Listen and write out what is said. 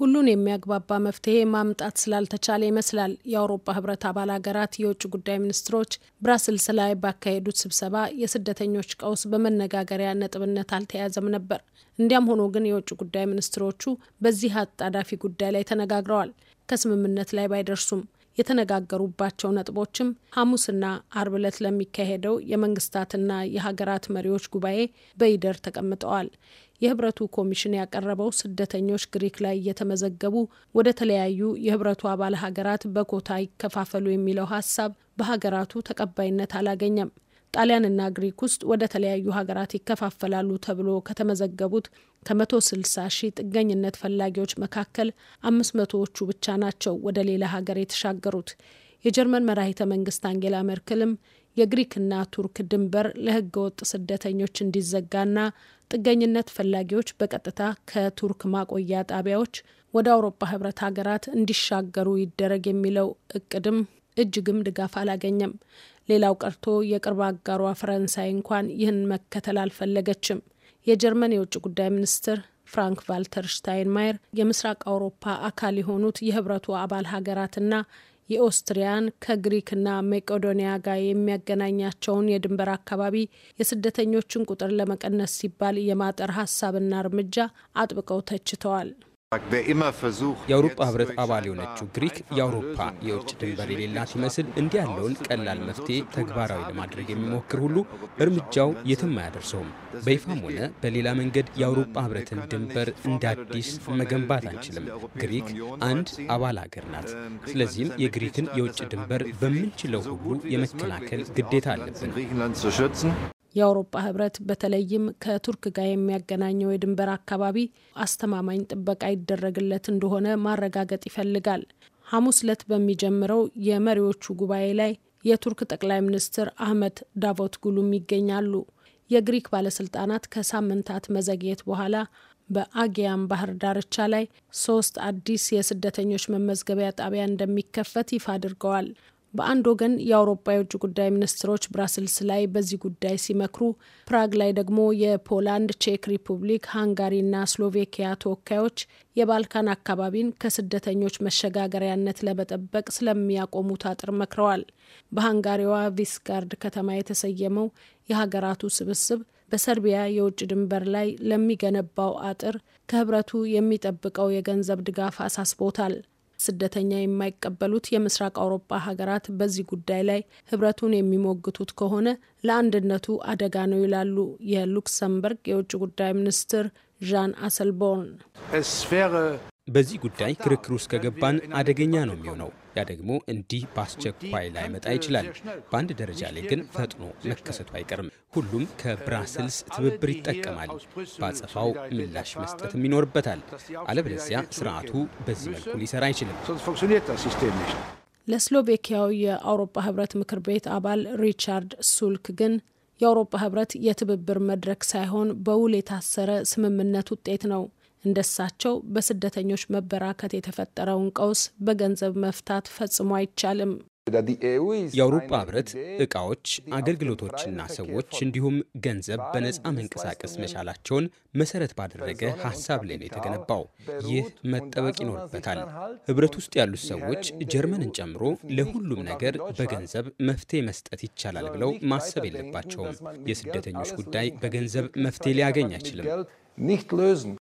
ሁሉን የሚያግባባ መፍትሄ ማምጣት ስላልተቻለ ይመስላል የአውሮፓ ህብረት አባል ሀገራት የውጭ ጉዳይ ሚኒስትሮች ብራስልስ ላይ ባካሄዱት ስብሰባ የስደተኞች ቀውስ በመነጋገሪያ ነጥብነት አልተያዘም ነበር። እንዲያም ሆኖ ግን የውጭ ጉዳይ ሚኒስትሮቹ በዚህ አጣዳፊ ጉዳይ ላይ ተነጋግረዋል። ከስምምነት ላይ ባይደርሱም የተነጋገሩባቸው ነጥቦችም ሐሙስና አርብ ዕለት ለሚካሄደው የመንግስታትና የሀገራት መሪዎች ጉባኤ በይደር ተቀምጠዋል። የህብረቱ ኮሚሽን ያቀረበው ስደተኞች ግሪክ ላይ እየተመዘገቡ ወደ ተለያዩ የህብረቱ አባል ሀገራት በኮታ ይከፋፈሉ የሚለው ሀሳብ በሀገራቱ ተቀባይነት አላገኘም። ጣሊያንና ግሪክ ውስጥ ወደ ተለያዩ ሀገራት ይከፋፈላሉ ተብሎ ከተመዘገቡት ከ160 ሺህ ጥገኝነት ፈላጊዎች መካከል አምስት መቶዎቹ ብቻ ናቸው ወደ ሌላ ሀገር የተሻገሩት። የጀርመን መራሂተ መንግስት አንጌላ መርክልም የግሪክና ቱርክ ድንበር ለህገወጥ ስደተኞች እንዲዘጋና ጥገኝነት ፈላጊዎች በቀጥታ ከቱርክ ማቆያ ጣቢያዎች ወደ አውሮፓ ህብረት ሀገራት እንዲሻገሩ ይደረግ የሚለው እቅድም እጅግም ድጋፍ አላገኘም። ሌላው ቀርቶ የቅርብ አጋሯ ፈረንሳይ እንኳን ይህን መከተል አልፈለገችም። የጀርመን የውጭ ጉዳይ ሚኒስትር ፍራንክ ቫልተር ሽታይንማየር የምስራቅ አውሮፓ አካል የሆኑት የህብረቱ አባል ሀገራትና የኦስትሪያን ከግሪክና መቄዶንያ ጋር የሚያገናኛቸውን የድንበር አካባቢ የስደተኞችን ቁጥር ለመቀነስ ሲባል የማጠር ሀሳብና እርምጃ አጥብቀው ተችተዋል። የአውሮፓ ህብረት አባል የሆነችው ግሪክ የአውሮፓ የውጭ ድንበር የሌላት ይመስል እንዲህ ያለውን ቀላል መፍትሄ ተግባራዊ ለማድረግ የሚሞክር ሁሉ እርምጃው የትም አያደርሰውም። በይፋም ሆነ በሌላ መንገድ የአውሮፓ ህብረትን ድንበር እንደ አዲስ መገንባት አንችልም። ግሪክ አንድ አባል ሀገር ናት። ስለዚህም የግሪክን የውጭ ድንበር በምንችለው ሁሉ የመከላከል ግዴታ አለብን። የአውሮፓ ህብረት በተለይም ከቱርክ ጋር የሚያገናኘው የድንበር አካባቢ አስተማማኝ ጥበቃ ይደረግለት እንደሆነ ማረጋገጥ ይፈልጋል። ሐሙስ ዕለት በሚጀምረው የመሪዎቹ ጉባኤ ላይ የቱርክ ጠቅላይ ሚኒስትር አህመት ዳቮት ጉሉም ይገኛሉ። የግሪክ ባለስልጣናት ከሳምንታት መዘግየት በኋላ በአጊያም ባህር ዳርቻ ላይ ሶስት አዲስ የስደተኞች መመዝገቢያ ጣቢያ እንደሚከፈት ይፋ አድርገዋል። በአንድ ወገን የአውሮፓ የውጭ ጉዳይ ሚኒስትሮች ብራስልስ ላይ በዚህ ጉዳይ ሲመክሩ፣ ፕራግ ላይ ደግሞ የፖላንድ፣ ቼክ ሪፑብሊክ፣ ሃንጋሪና ስሎቬኪያ ተወካዮች የባልካን አካባቢን ከስደተኞች መሸጋገሪያነት ለመጠበቅ ስለሚያቆሙት አጥር መክረዋል። በሃንጋሪዋ ቪስጋርድ ከተማ የተሰየመው የሀገራቱ ስብስብ በሰርቢያ የውጭ ድንበር ላይ ለሚገነባው አጥር ከህብረቱ የሚጠብቀው የገንዘብ ድጋፍ አሳስቦታል። ስደተኛ የማይቀበሉት የምስራቅ አውሮፓ ሀገራት በዚህ ጉዳይ ላይ ህብረቱን የሚሞግቱት ከሆነ ለአንድነቱ አደጋ ነው ይላሉ የሉክሰምበርግ የውጭ ጉዳይ ሚኒስትር ዣን አሰልቦርን በዚህ ጉዳይ ክርክር ውስጥ ከገባን አደገኛ ነው የሚሆነው። ያ ደግሞ እንዲህ በአስቸኳይ ላይመጣ ይችላል። በአንድ ደረጃ ላይ ግን ፈጥኖ መከሰቱ አይቀርም። ሁሉም ከብራስልስ ትብብር ይጠቀማል። በአጸፋው ምላሽ መስጠትም ይኖርበታል። አለበለዚያ ስርዓቱ በዚህ መልኩ ሊሰራ አይችልም። ለስሎቬኪያው የአውሮፓ ህብረት ምክር ቤት አባል ሪቻርድ ሱልክ ግን የአውሮፓ ህብረት የትብብር መድረክ ሳይሆን በውል የታሰረ ስምምነት ውጤት ነው። እንደሳቸው በስደተኞች መበራከት የተፈጠረውን ቀውስ በገንዘብ መፍታት ፈጽሞ አይቻልም። የአውሮፓ ህብረት እቃዎች፣ አገልግሎቶችና ሰዎች እንዲሁም ገንዘብ በነፃ መንቀሳቀስ መቻላቸውን መሰረት ባደረገ ሀሳብ ላይ ነው የተገነባው። ይህ መጠበቅ ይኖርበታል። ህብረት ውስጥ ያሉት ሰዎች ጀርመንን ጨምሮ ለሁሉም ነገር በገንዘብ መፍትሄ መስጠት ይቻላል ብለው ማሰብ የለባቸውም። የስደተኞች ጉዳይ በገንዘብ መፍትሄ ሊያገኝ አይችልም።